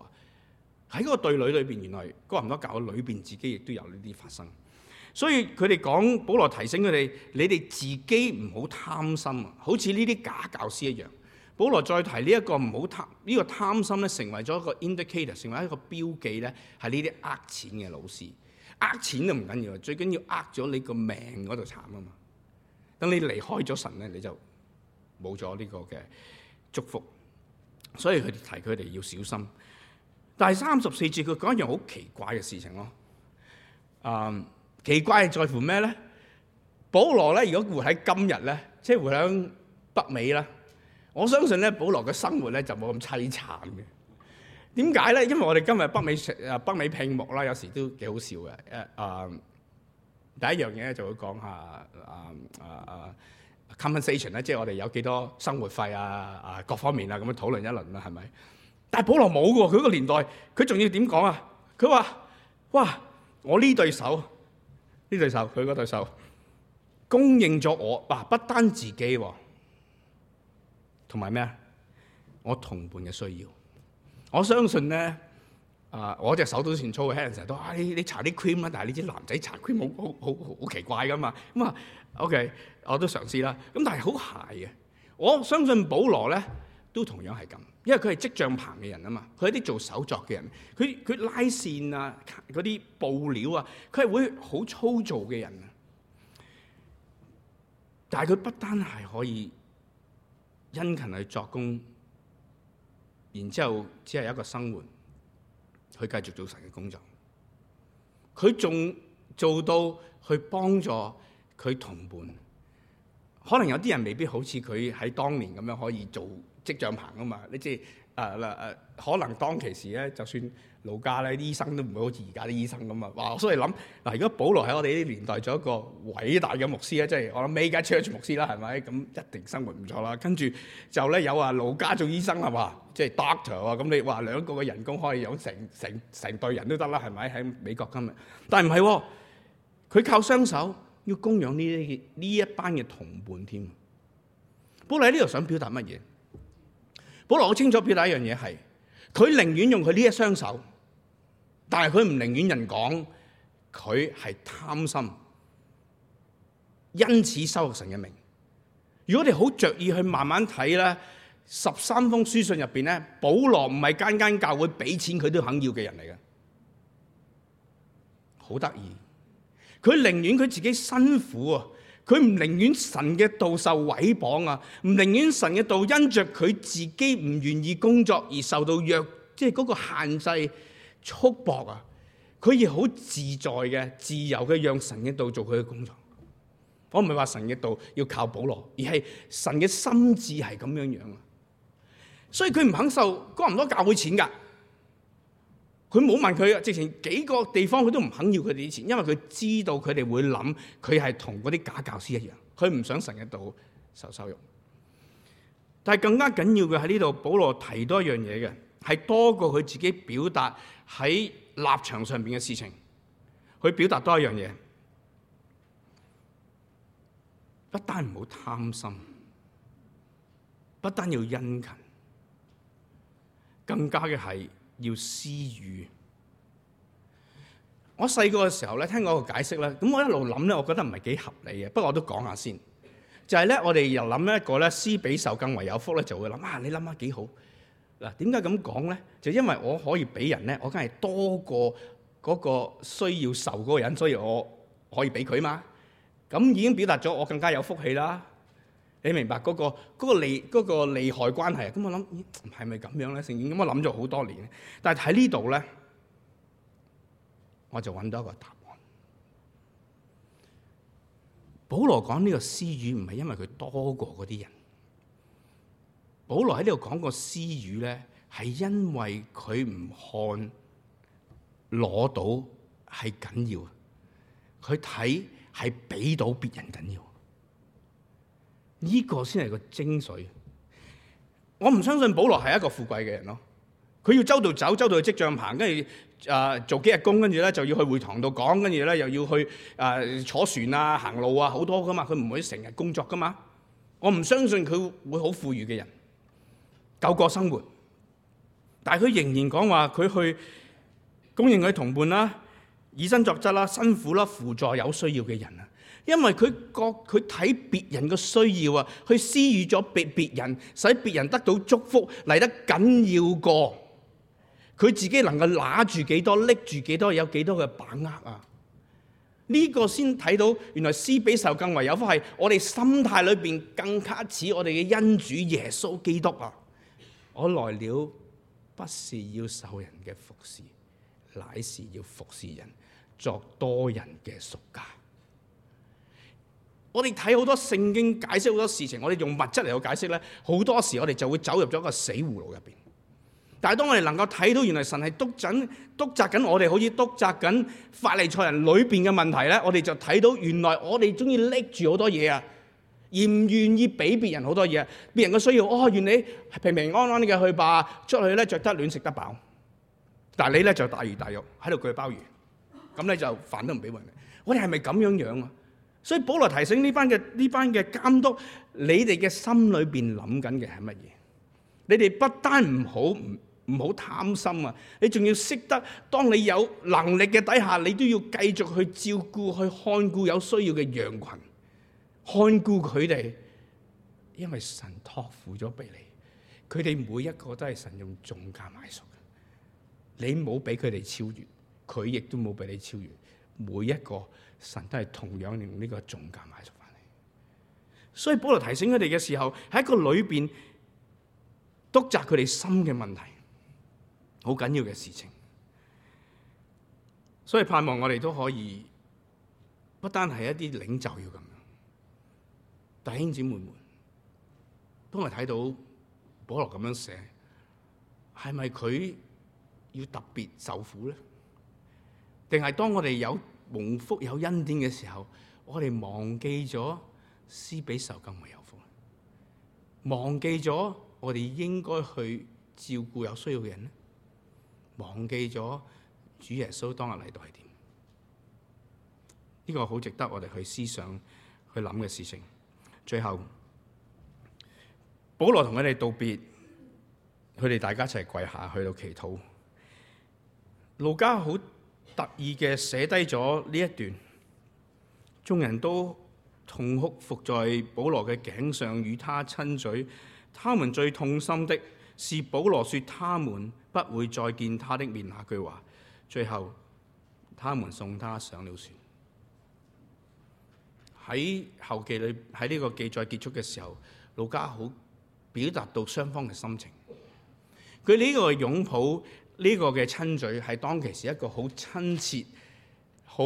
喺嗰個對壘裏邊，原來哥林多教會裏邊自己亦都有呢啲發生，所以佢哋講保羅提醒佢哋：你哋自己唔好貪心啊，好似呢啲假教師一樣。保羅再提呢、這、一個唔好貪呢個貪心咧，成為咗一個 indicator，成為一個標記咧，係呢啲呃錢嘅老師，呃錢都唔緊要，最緊要呃咗你個命嗰度慘啊嘛！等你離開咗神咧，你就冇咗呢個嘅祝福，所以佢哋提佢哋要小心。但係三十四節佢講一樣好奇怪嘅事情咯，啊、嗯，奇怪係在乎咩咧？保羅咧如果活喺今日咧，即係活喺北美啦。我相信咧，保羅嘅生活咧就冇咁凄慘嘅。點解咧？因為我哋今日北美誒北美聘牧啦，有時都幾好笑嘅。誒、嗯、啊，第一樣嘢咧就會講下、嗯、啊啊啊 compensation 咧，即係我哋有幾多生活費啊啊各方面啊咁樣討論一輪啦，係咪？但係保羅冇嘅喎，佢個年代，佢仲要點講啊？佢話：哇，我呢對手，呢對手，佢嗰對手，供應咗我。嗱，不單自己喎、啊。同埋咩啊？我同伴嘅需要，我相信咧、呃，啊，我隻手都算粗嘅，啲人成日都啊，你你搽啲 cream 啊，但係呢啲男仔搽 cream 好好好好奇怪噶嘛，咁、嗯、啊，OK，我都嘗試啦，咁但係好鞋嘅，我相信保羅咧都同樣係咁，因為佢係織帳棚嘅人啊嘛，佢係啲做手作嘅人，佢佢拉線啊，嗰啲布料啊，佢係會好粗糙嘅人啊，但係佢不單係可以。殷勤去作工，然之後只係一個生活，去繼續做神嘅工作。佢仲做到去幫助佢同伴，可能有啲人未必好似佢喺當年咁樣可以做織帳棚啊嘛。你知啊嗱啊，可能當其時咧，就算。路加咧啲醫生都唔會好似而家啲醫生咁啊！哇，所以諗嗱，如果保羅喺我哋呢啲年代做一個偉大嘅牧師咧，即係我諗 mega church 牧師啦，係咪？咁一定生活唔錯啦。跟住就咧有啊，路加做醫生係嘛，即係 doctor 啊，咁你話兩個嘅人工可以養成成成，成隊人都得啦，係咪？喺美國今日，但係唔係喎？佢靠雙手要供養呢啲呢一班嘅同伴添。保羅喺呢度想表達乜嘢？保羅我清楚表達一樣嘢係，佢寧願用佢呢一雙手。但係佢唔寧願人講佢係貪心，因此收神嘅名。如果你好着意去慢慢睇咧，十三封書信入邊咧，保羅唔係間間教會俾錢佢都肯要嘅人嚟嘅，好得意。佢寧願佢自己辛苦啊，佢唔寧願神嘅道受毀謗啊，唔寧願神嘅道因着佢自己唔願意工作而受到約，即係嗰個限制。束縛啊！佢亦好自在嘅、自由嘅，讓神嘅道做佢嘅工作。我唔係話神嘅道要靠保羅，而係神嘅心智係咁樣樣啊！所以佢唔肯受，瓜唔多教會錢噶。佢冇問佢啊，直情幾個地方佢都唔肯要佢哋啲錢，因為佢知道佢哋會諗，佢係同嗰啲假教師一樣，佢唔想神嘅道受羞辱。但係更加緊要嘅喺呢度，保羅提多一樣嘢嘅，係多過佢自己表達。喺立場上邊嘅事情，去表達多一樣嘢，不單唔好貪心，不單要殷勤，更加嘅係要施予。我細個嘅時候咧，聽過一個解釋咧，咁我一路諗咧，我覺得唔係幾合理嘅，不過我都講下先說說，就係咧，我哋又諗一個咧，施比受更為有福咧，就會諗啊，你諗下幾好。嗱，點解咁講咧？就因為我可以俾人咧，我梗係多過嗰個需要受嗰個人，所以我可以俾佢嘛。咁已經表達咗我更加有福氣啦。你明白嗰個嗰個利嗰個利害關係啊？咁我諗，係咪咁樣咧？成咁我諗咗好多年，但係喺呢度咧，我就揾到一個答案。保羅講呢個施予唔係因為佢多過嗰啲人。保羅喺呢度講個私語咧，係因為佢唔看攞到係緊要，佢睇係俾到別人緊要，呢、這個先係個精髓。我唔相信保羅係一個富貴嘅人咯，佢要周到走，周到去織帳棚，跟住啊做幾日工，跟住咧就要去會堂度講，跟住咧又要去啊、呃、坐船啊行路啊好多㗎嘛，佢唔會成日工作㗎嘛。我唔相信佢會好富裕嘅人。久過生活，但係佢仍然講話佢去供應佢同伴啦，以身作則啦，辛苦啦，輔助有需要嘅人啊。因為佢覺佢睇別人嘅需要啊，去施予咗別別人，使別人得到祝福嚟得緊要過佢自己能夠拿住幾多拎住幾多有幾多嘅把握啊？呢個先睇到原來施比受更為有福，係我哋心態裏邊更加似我哋嘅恩主耶穌基督啊！我來了，不是要受人嘅服侍，乃是要服侍人，作多人嘅贖價。我哋睇好多聖經，解釋好多事情，我哋用物質嚟去解釋咧，好多時我哋就會走入咗一個死葫蘆入邊。但係當我哋能夠睇到原來神係督緊督責緊我哋，好似督責緊法利賽人裏邊嘅問題咧，我哋就睇到原來我哋中意拎住好多嘢啊！而唔願意俾別人好多嘢，別人嘅需要，哦，願你平平安安嘅去吧，出去咧着得暖、食得飽。但係你咧就大魚大肉喺度鋸鮑魚，咁你就飯都唔俾餵你。我哋係咪咁樣養啊？所以保羅提醒呢班嘅呢班嘅監督，你哋嘅心裏邊諗緊嘅係乜嘢？你哋不單唔好唔唔好貪心啊！你仲要識得，當你有能力嘅底下，你都要繼續去照顧、去看顧有需要嘅羊群。看顧佢哋，因為神託付咗俾你，佢哋每一個都係神用重價買贖嘅。你冇俾佢哋超越，佢亦都冇俾你超越。每一個神都係同樣用呢個重價買贖翻嚟。所以保羅提醒佢哋嘅時候，喺一個裏邊督責佢哋心嘅問題，好緊要嘅事情。所以盼望我哋都可以，不單係一啲領袖要咁。弟兄姊妹們，都係睇到保羅咁樣寫，係咪佢要特別受苦咧？定係當我哋有蒙福有恩典嘅時候，我哋忘記咗施比受更為有福，忘記咗我哋應該去照顧有需要嘅人咧，忘記咗主耶穌當日嚟到係點？呢個好值得我哋去思想、去諗嘅事情。最後，保羅同佢哋道別，佢哋大家一齊跪下去到祈禱。路加好得意嘅寫低咗呢一段，眾人都痛哭伏在保羅嘅頸上與他親嘴。他們最痛心的是保羅說他們不會再見他的面那句話。最後，他們送他上了船。喺後記裏，喺呢個記載結束嘅時候，路加好表達到雙方嘅心情。佢呢個擁抱，呢、呢個嘅親嘴，係當其時一個好親切、好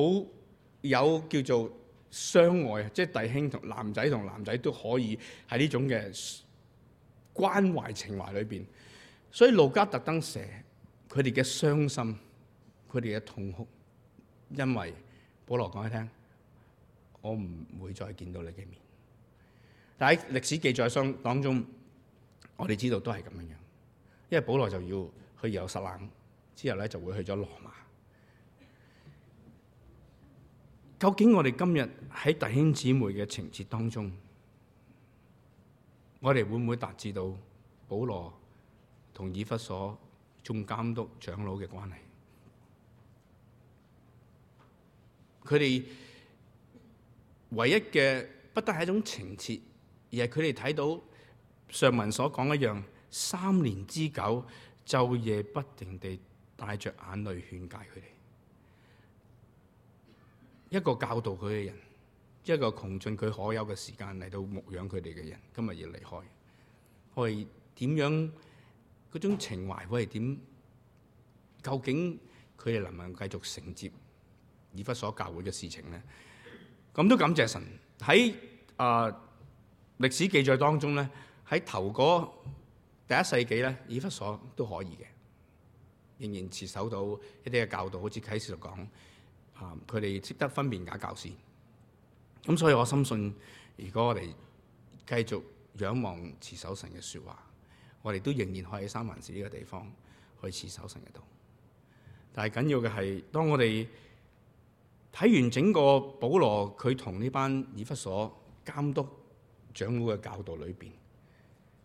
有叫做相愛，即係弟兄同男仔同男仔都可以喺呢種嘅關懷情懷裏邊。所以路加特登寫佢哋嘅傷心，佢哋嘅痛哭，因為保羅講一聽。我唔會再見到你嘅面，但喺歷史記載上當中，我哋知道都係咁樣樣，因為保羅就要去耶路撒冷，之後咧就會去咗羅馬。究竟我哋今日喺弟兄姊妹嘅情節當中，我哋會唔會達至到保羅同以弗所中監督長老嘅關係？佢哋。唯一嘅不得係一種情切，而係佢哋睇到上文所講一樣，三年之久，晝夜不停地帶着眼淚勸解佢哋，一個教導佢嘅人，一個窮盡佢可有嘅時間嚟到牧養佢哋嘅人，今日要離開，我係點樣？嗰種情懷，會係點？究竟佢哋能唔能夠繼續承接以弗所教會嘅事情咧？咁都感謝神喺啊、呃、歷史記載當中咧，喺頭嗰第一世紀咧，以弗所都可以嘅，仍然持守到一啲嘅教導，好似啟示錄講嚇，佢哋識得分辨假教師。咁所以我深信，如果我哋繼續仰望持守神嘅説話，我哋都仍然可以喺三藩市呢個地方去持守神嘅道。但係緊要嘅係，當我哋。睇完整個保羅佢同呢班以弗所監督長老嘅教導裏邊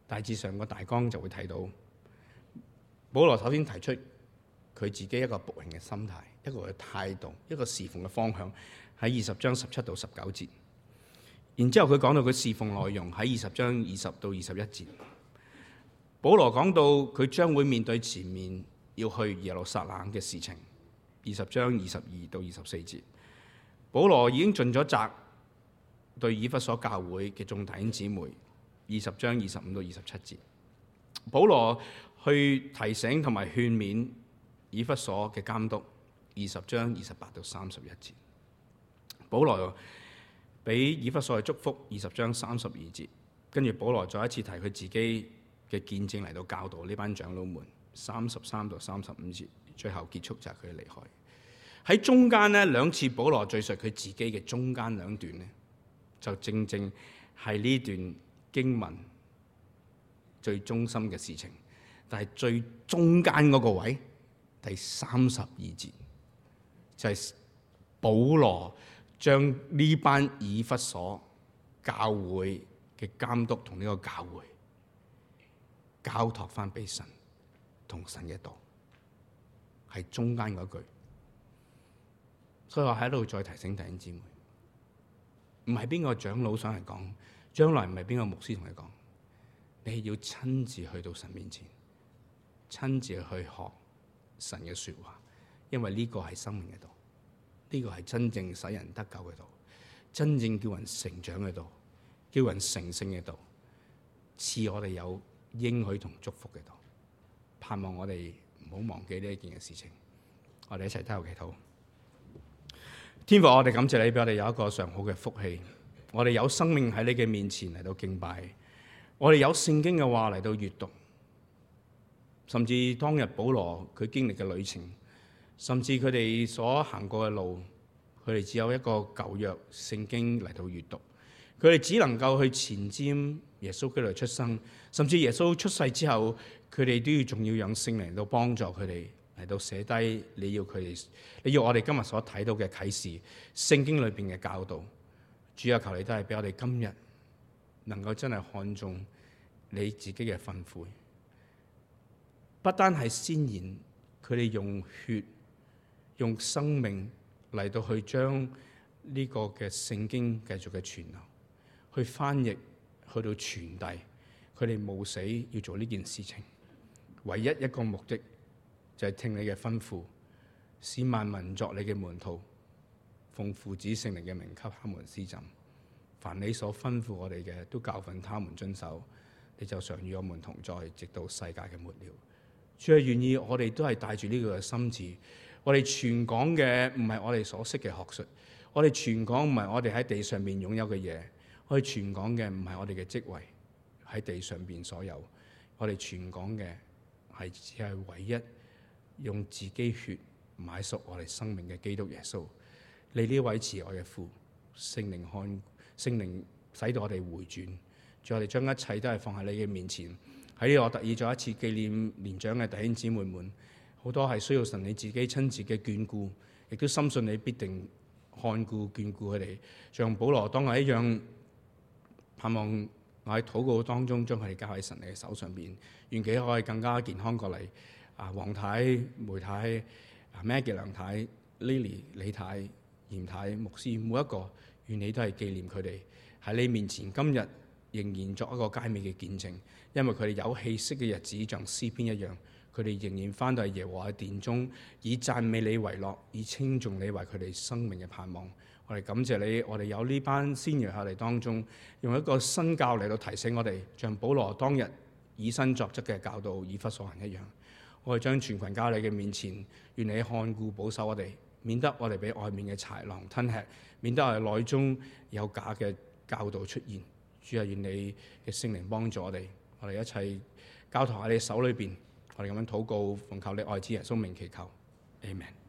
大致上個大綱就會睇到保羅首先提出佢自己一個僕人嘅心態一個嘅態度，一個侍奉嘅方向喺二十章十七到十九節。然之後，佢講到佢侍奉內容喺二十章二十到二十一節保羅講到佢將會面對前面要去耶路撒冷嘅事情，二十章二十二到二十四節。保羅已經盡咗責，對以弗所教會嘅眾弟兄姊妹，二十章二十五到二十七節，保羅去提醒同埋勸勉以弗所嘅監督，二十章二十八到三十一節。保羅俾以弗所嘅祝福，二十章三十二節，跟住保羅再一次提佢自己嘅見證嚟到教導呢班長老們，三十三到三十五節，最後結束就係佢離開。喺中間咧，兩次保羅敘述佢自己嘅，中間兩段咧，就正正係呢段經文最中心嘅事情。但係最中間嗰個位，第三十二節就係、是、保羅將呢班以弗所教會嘅監督同呢個教會交託翻俾神同神一道，係中間嗰句。所以我喺度再提醒弟兄姊妹，唔係邊個長老上嚟講，將來唔係邊個牧師同你講，你係要親自去到神面前，親自去學神嘅說話，因為呢個係生命嘅道，呢個係真正使人得救嘅道，真正叫人成長嘅道，叫人成聖嘅道，賜我哋有應許同祝福嘅道，盼望我哋唔好忘記呢一件嘅事情，我哋一齊低頭祈禱。天父，我哋感謝你俾我哋有一個上好嘅福氣，我哋有生命喺你嘅面前嚟到敬拜，我哋有聖經嘅話嚟到閲讀，甚至當日保羅佢經歷嘅旅程，甚至佢哋所行過嘅路，佢哋只有一個舊約聖經嚟到閲讀，佢哋只能夠去前瞻耶穌基督出生，甚至耶穌出世之後，佢哋都要仲要讓聖靈嚟到幫助佢哋。嚟到寫低你要佢哋，你要我哋今日所睇到嘅啟示，聖經裏邊嘅教導，主啊，求你都係俾我哋今日能夠真係看重你自己嘅訓誨，不單係先賢，佢哋用血用生命嚟到去將呢個嘅聖經繼續嘅傳流，去翻譯去到傳遞，佢哋冒死要做呢件事情，唯一一個目的。就係、是、聽你嘅吩咐，使萬民作你嘅門徒，奉父子聖靈嘅名給他們施浸。凡你所吩咐我哋嘅，都教訓他們遵守。你就常與我們同在，直到世界嘅末了。主啊，願意我哋都係帶住呢個心志。我哋全港嘅唔係我哋所識嘅學術，我哋全港唔係我哋喺地上面擁有嘅嘢。我哋全港嘅唔係我哋嘅職位喺地上面所有。我哋全港嘅係只係唯一。用自己血買贖我哋生命嘅基督耶穌，你呢位慈愛嘅父，聖靈看聖靈使到我哋回轉，叫我哋將一切都係放喺你嘅面前。喺呢度我特意再一次紀念年長嘅弟兄姊妹們，好多係需要神你自己親自嘅眷顧，亦都深信你必定看顧眷顧佢哋。像保羅當日一樣，盼望我喺禱告當中將佢哋交喺神你嘅手上邊，願佢可以更加健康過嚟。啊，黃太、梅太、啊、Maggie、梁太、Lily 李太、嚴太、牧師，每一個願你都係紀念佢哋喺你面前。今日仍然作一個佳美嘅見證，因為佢哋有氣息嘅日子，像詩篇一樣，佢哋仍然返到係耶和華殿中，以讚美你為樂，以稱重你為佢哋生命嘅盼望。我哋感謝你，我哋有呢班先約下嚟，當中用一個新教嚟到提醒我哋，像保羅當日以身作則嘅教導，以弗所行一樣。我哋將全群交喺你嘅面前，願你看顧保守我哋，免得我哋俾外面嘅豺狼吞吃，免得我哋內中有假嘅教導出現。主啊，願你嘅聖靈幫助我哋，我哋一齊交託喺你手裏邊。我哋咁樣禱告，奉靠你愛子耶穌名祈求，阿門。